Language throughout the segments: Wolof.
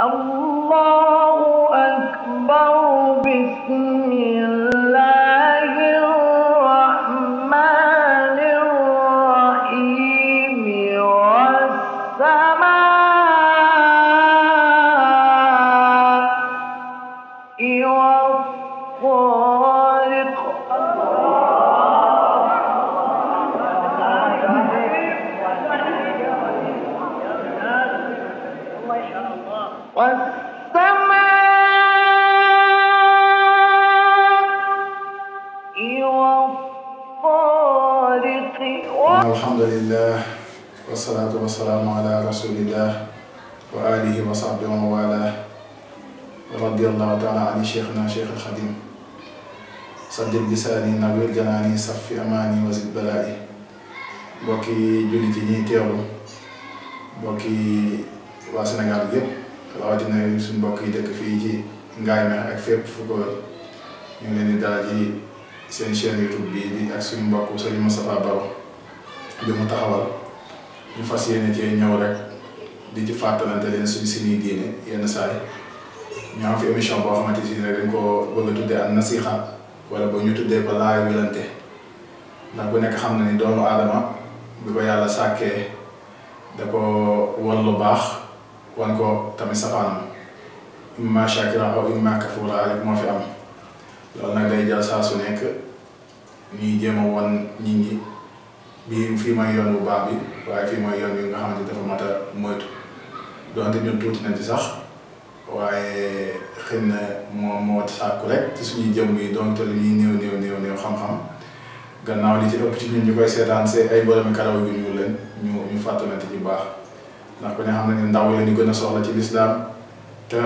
الله أكبر بسم الله الرحمن الرحيم والسماء والطاعة ربي الحمد لله والصلاة والسلام على رسول الله وآله وصحبه وموالاه رضي الله تعالى عن شيخنا شيخ الخديم صدق بساني نبي الجناني صفي أماني وزد بلائي بوكي جولتيني تيرو بوكي واسنا قال جيب راجنا يسن بوكي دك فيجي نغاي ما اكفيب فوكو يولي نداجي سين شين يوتيوب بي دي اكسون بوكو سليم مصطفى باو li mu taxawal ñu fas yéene cee ñëw rek di ci fàttalante leen suñ suñuy diine yenn saa ñu am fi émission boo xamante si ne dañ ko bëgg a tuddee ak nasiha wala ñu tuddee ko laay wilante ndax bu nekk xam na ni doomu aadama bi ko yàlla sàkkee da ko wan lu baax wan ko tamit safaanam imma shakira aw imma kafura rek moo fi am loolu nag day jël saa su nekk ñuy jéem a wan ñi bii fii mooy yoon bu baax bi waaye fii mooy yoon bi nga xamante dafa mat a moytu doonte ñun tuuti nañ ci sax waaye xëy na moo moo sàkku rek ci suñuy jëmm yi doonte lu ñuy néew néew néew néew xam li ci ëpp ci ñun ñu koy seetaan see ay boromi karaw yu ñuul leen baax ndax ku ne xam nañ ni ndaw la ñu gën a soxla ci lislaam te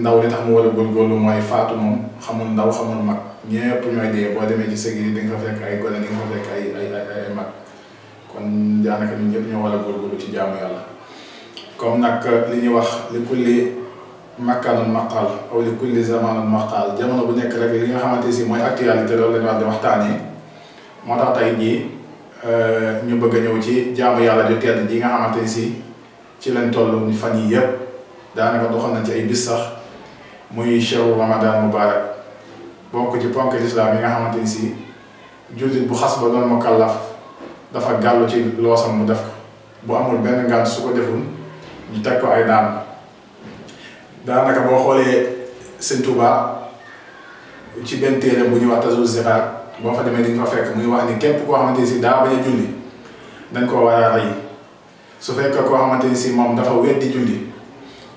ndaw li tax mu war a góorgóorlu mooy faatu moom xamul ndaw xamul mag ñëpp ñooy dee boo demee ci sëg yi di nga fa fekk ay gone di nga fa fekk ay mag. kon daanaka ñun ñëpp ñoo war a góorgóorlu ci jaamu yàlla comme nag euh, li ñuy wax li kulli makkaanul maqaal aw li kulli zamaanul maqaal jamono bu nekk rek li nga xamante si mooy actualité loolu la ñu wax di waxtaanee moo tax tey jii euh, ñu bëgg a ñëw ci jaamu yàlla ju tedd ji nga xamante si ci lañ toll fan yii yëpp daanaka doxal nañ ci ay bis sax muy cheru ramadan mubarak bokk ci ponk lislaam yi nga xamante si jullit bu xas ba doon mu kàllaaf dafa gàllu ci loosam mu def ko bu amul benn ngànt su ko deful ñu teg ko ay daan daanaka boo xoolee sëñ Touba ci benn téere bu ñuy wax Tazul Ziraar boo fa demee dañ fa fekk muy wax ni képp koo xamante ni si daa a julli dañ koo war a su fekkee koo xamante ni si moom dafa weddi julli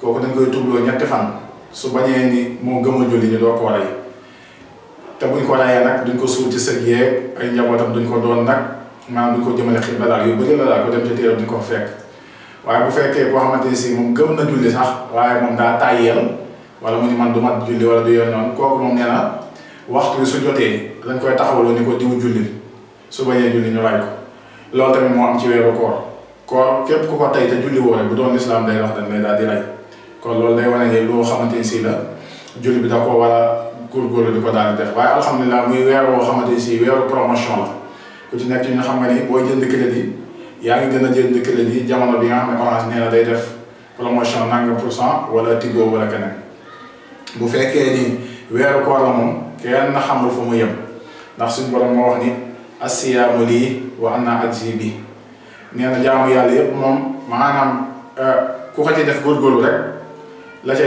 kooku dañ koy tubloo ñetti fan su bañee ni moo gëmul julli ñu doo ko rey te buñ ko reyee nag duñ ko suul ci sëg yeeg ay njabootam duñ ko doon nag. maam di ko jëmale xel balaa yu bëri la daal ko dem ci téeram di ko fekk waaye bu fekkee koo xamante ne si moom gëm na julli sax waaye moom daa tàyyeel wala mu ni man du mat julli wala du yoon noonu kooku moom nee na waxtu su jotee dañ koy taxawaloo ni ko diw julli su bañee julli ñu lay ko loolu tamit moo am ci weeru koor koor képp ku ko tey te julli woo bu doon islam day wax dañ lay daal di lay kon loolu day wane ne loo xamante ni si la julli bi da ko war a góorgóorlu di ko daal di def waaye alhamdulilah muy weer woo xamante ni si weeru promotion la ku ci nekk ci nga xam nga ni booy jënd crédit yaa ngi gën a jënd crédit jamono bi nga xam ne orange nee na day def promotion bu fekkee ni weeru koor la moom kenn xamul fu wax ni asiyaamu bi nee na jaamu yàlla yépp moom maanaam euh, ko ci def góorgóorlu rek nag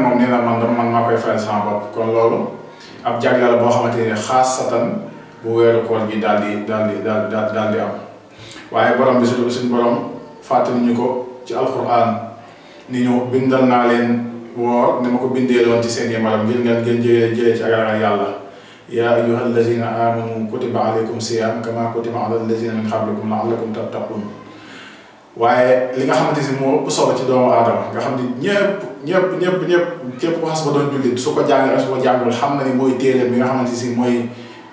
moom nee man dama man maa koy fayal sama bopp kon loolu ab jagleel boo xamante ne bu wéru koor gi dal di dal di dal di dal di am waaye borom bi suñu suñu borom fàttali ñu ko ci alquran ni ñu bindal naa leen woor ni ma ko bindeeloon ci seen yemalam ngir ngeen ngeen jëlee jëlee ci agal yàlla يا أيها الذين آمنوا كتب عليكم الصيام كما كتب على الذين من قبلكم لعلكم تتقون waaye li nga xamante si moo ëpp solo ci doomu aadama nga xam ni ñëpp ñëpp ñëpp ñëpp képp ko xas ba doon jullit su ko jàng ak su ko jàngul xam na ni mooy téere bi nga xamante si mooy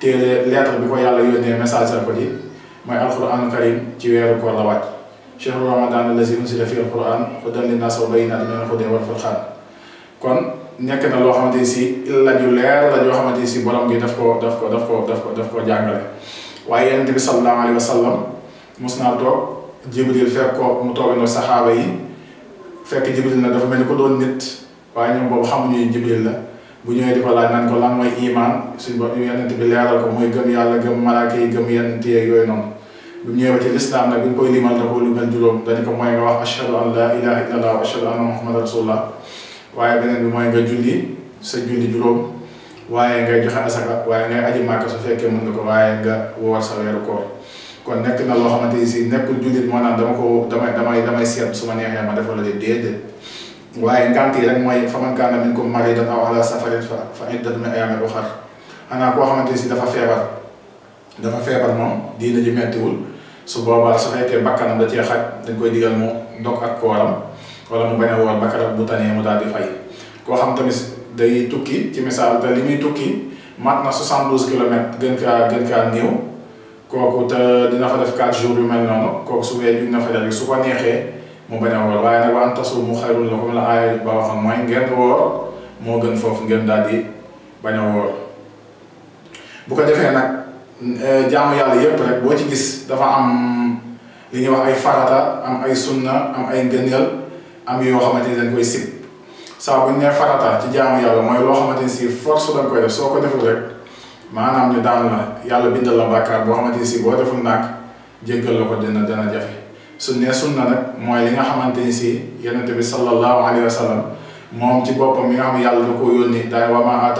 téere lettre bi ko yàlla yónnee message al ko ji mooy alquranu karim ci weeru koor la wàcc chehru ramadan allazi unzila fi alquran hudan linnaas wa bayyinatin minal hudaa wal furqaan kon nekk na loo xamante ni si illa ju leer la joo xamante ni si borom gi daf ko daf ko daf ko daf ko daf ko jàngale waaye yonent bi sallallahu alayhi wa sallam mos naa toog jibril fekk ko mu toogandoo saxaaba yi fekk jibril na dafa mel ni ko doon nit waaye ñoom boobu xamuñu jibril la bu ñëwee di ko laaj nan ko lan mooy iman suñ bo yonent bi leeral ko mooy gëm yàlla gëm malaaka yi gëm yonent yeeg yooyu noonu bu ñëwee ko mooy nga wax ashhadu an la ilaha illallah wa ashhadu anna muhammadan rasulullah waaye beneen bi mooy nga julli sa julli juróom waaye ngay joxe asaka waaye ngay aji màkka su fekkee mën nga ko waaye nga woor sa weeru koor kon nekk na loo xamante ni si nekkul jullit moo naan dama ko damay damay seet su neexee ma defal la déedéet waaye ngant yi rek mooy faman ko minkum mariidan aw alaa safarin fa iddatun min ayyaamin ukhar xanaa koo xamante si dafa feebar dafa feebar moom diina ji mettiwul su boobaa su fekkee bakkanam da cee dañ koy digal mu dog ak kooram wala mu bañ a woor bakkanam bu tanee mu daal fay koo xam tamit day tukki ci misaal te li muy tukki mat na 72 kilomètres gën kaa gën kaa néew kooku te dina fa def 4 jours yu mel noonu kooku su wee mu bañ a woor waaye nag wa an tasuumu xayrun lakum la aaya ba waxoon mooy ngeen woor moo gën foofu ngeen daal di bañ bu ko defee nag eh, jaamu yàlla yépp rek boo ci gis dafa am li ñuy wax ay farata am ay sunna am ay ngëneel am yoo xamante ni dañ koy ci jaamu yàlla mooy koy def soo ko deful rek maanaam ñu daan la yàlla bindal la bàkkaar boo xamante ni boo deful naag jéggal la ko dina dana jafe sunne sunna nag mooy li nga xamante ni si yonent bi sallallahu alayhi wa sallam moom ci boppam mi nga xam yàlla da koo yónni daay wa maa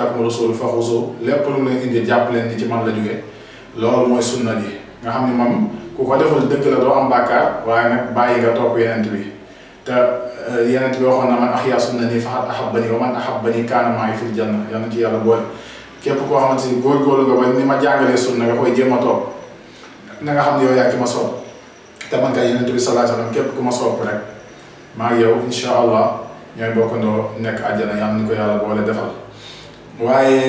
lépp lu mu leen indi la jógee loolu mooy sunna ji nga xam ne moom ku ko deful dëgg am bàkkaar waaye nag bàyyi nga topp yonent bi te eh, yonent bi waxoon na man axyaa sunna nii faxat axabbani wa man axabbani kaana maay fil janna yal na ci yàlla boole képp koo xamante ni góorgóorlu nga ba ni ma jàngalee sunna nga koy jéem toog na nga xam ne yow yaa ki ma sopp te man kay yonent bi sallallahu alayhi wasallam képp ku ma sopp rek maa ngi yow insha allah ñooy bokkandoo nekk àjjana yàlla ni ko yàlla boole defal waaye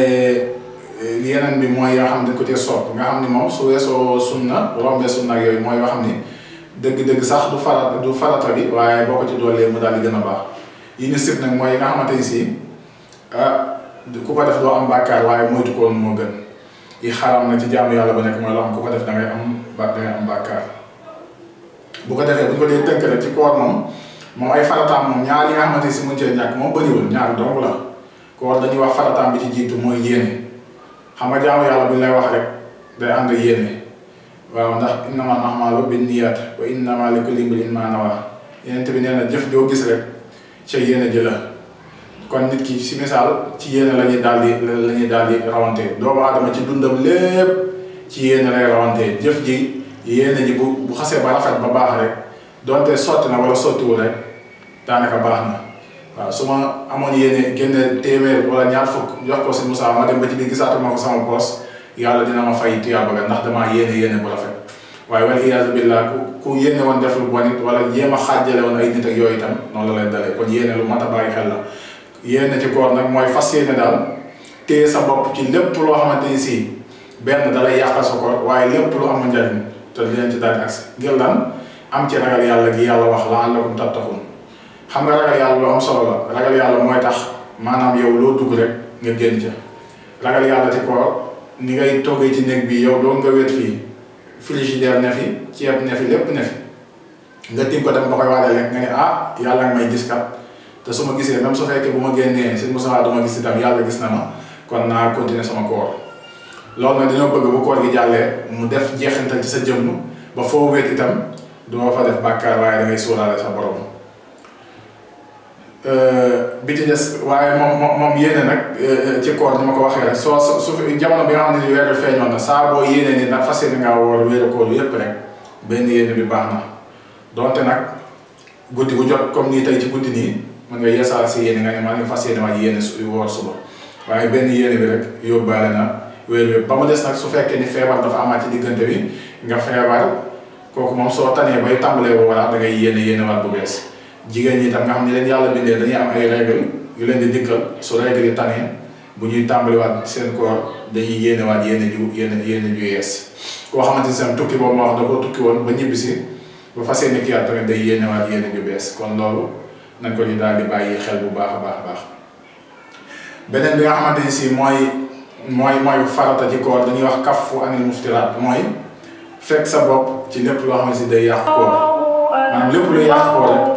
eh, yeneen bi mooy yoo xam ne su weesoo sunna dëgg-dëgg sax du farata du farata bi waaye boo ko ci doolee mu daal di gën a baax yi ñu sib nag mooy yi nga xamante ni si ah ku ko def doo am bàkkaar waaye moytu ko moo gën yi xaram na ci jaamu yàlla ba nekk mooy loo xam ku ko def da am bàkkaar bu ko defee bu ko dee tënk rek ci koor moom moom ay farataam moom ñaar yi nga xamante si mun cee ñàkk moom bëriwul ñaar dong la koor dañuy wax farataam bi ci jiitu mooy yéene xam nga jaamu yàlla bu ñu lay wax rek day ànd yéene waaw ndax innamal a'maalu binniyaat wa innamaa likulli imri'in maa nawaa yonent bi nee na jëf joo gis rek ca yéene ji la kon nit ki si misaal ci yéene la ñuy daal di la ñuy daal di rawante doomu aadama ci dundam lépp ci yéene iya lay rawante jëf ji yéene ji bu bu xasee ba rafet ba baax rek donte sotti na wala sottiwul rek daanaka baax na waaw su ma amoon yéene génne téeméer wala ñaar fukk jox si Moussa ma dem ba ci biir gisaatu ma ko sama poos yàlla dina ma fay tuyaaba ga ndax damaa yéene yéene bu rafet waaye wal iyaazu billaah ku ku woon def lu bon a xaajale ay nit ak yooyu itam noonu la leen dalee kon yéene lu mat a bàyyi xel la yéene ci koor nag mooy fas yéene daal téye sa bopp ci lépp loo xamante ni si benn dalay yàqal sa koor waaye lépp lu am njariñ te dinañ ci daaj agsi ngir lan am ci ragal yàlla gi yàlla wax la àllakum tattaxun xam nga ragal yàlla mooy tax maanaam yow loo dugg rek nga génn ca ragal yàlla ci ko ni ngay toggee ci néeg bi yow doo nga wéet fii frigidaire ne fi ceeb ne fi lépp ne fi nga tim ko dem ba koy waajal rek nga ne ah yàlla nga may gis kat te su ma gisee même su fekkee bu ma génnee sëñ Moussa ma gis itam yàlla gis na ma kon naa continuer sama koor loolu nag dañoo bëgg bu koor gi jàllee mu def jeexantal ci sa jëmm ba foo wéet itam duma fa def bàkkaar waaye da ngay sóoraale sa borom euh, bi ci des waaye yéene euh, ni ma ko waxee rek soo su na saa boo yéene ni nag fas yéene ngaa woor weeru koor yépp rek benn yéene bi baax na donte nag guddi gu jot comme nii tey ci guddi nii mën nga yeesaal si yéene nga ne maa ngi fas yéene waaj yéene woor suba waaye benn yéene bi rek yóbbaale na wér wér ba mu des nag su fekkee ni feebar dafa amaat ci diggante bi nga feebar kooku moom soo tanee bay tàmbalee boo waraat da ngay yéene yéene waat bu bees jigéen ñi tam nga xam ne leen yàlla bindee dañuy am ay règle yu leen di dikkal su règle yi tanee bu ñuy tàmbaliwaat seen koor dañuy yéene waat yéene ju yéene yéene ju yees koo xamante ni seen tukki boobu ma wax da ko tukki woon ba ñibbisi ba fas yéene kii at tamit day yéene waat yéene ju bees kon loolu nañ ko ñu daal di bàyyi bu baax a mooy mooy farata ci koor dañuy wax kaffu anil muftiraat mooy fekk sa bopp ci lépp loo xam ne si day yàq koor maanaam lépp luy yàq koor rek